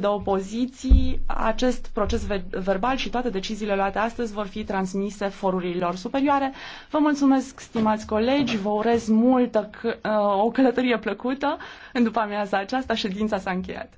de opoziții, acest proces verbal și toate deciziile luate astăzi vor fi transmise forurilor superioare. Vă mulțumesc, stimați colegi, vă urez multă uh, o călătorie plăcută. În după amiaza aceasta, ședința s-a încheiat.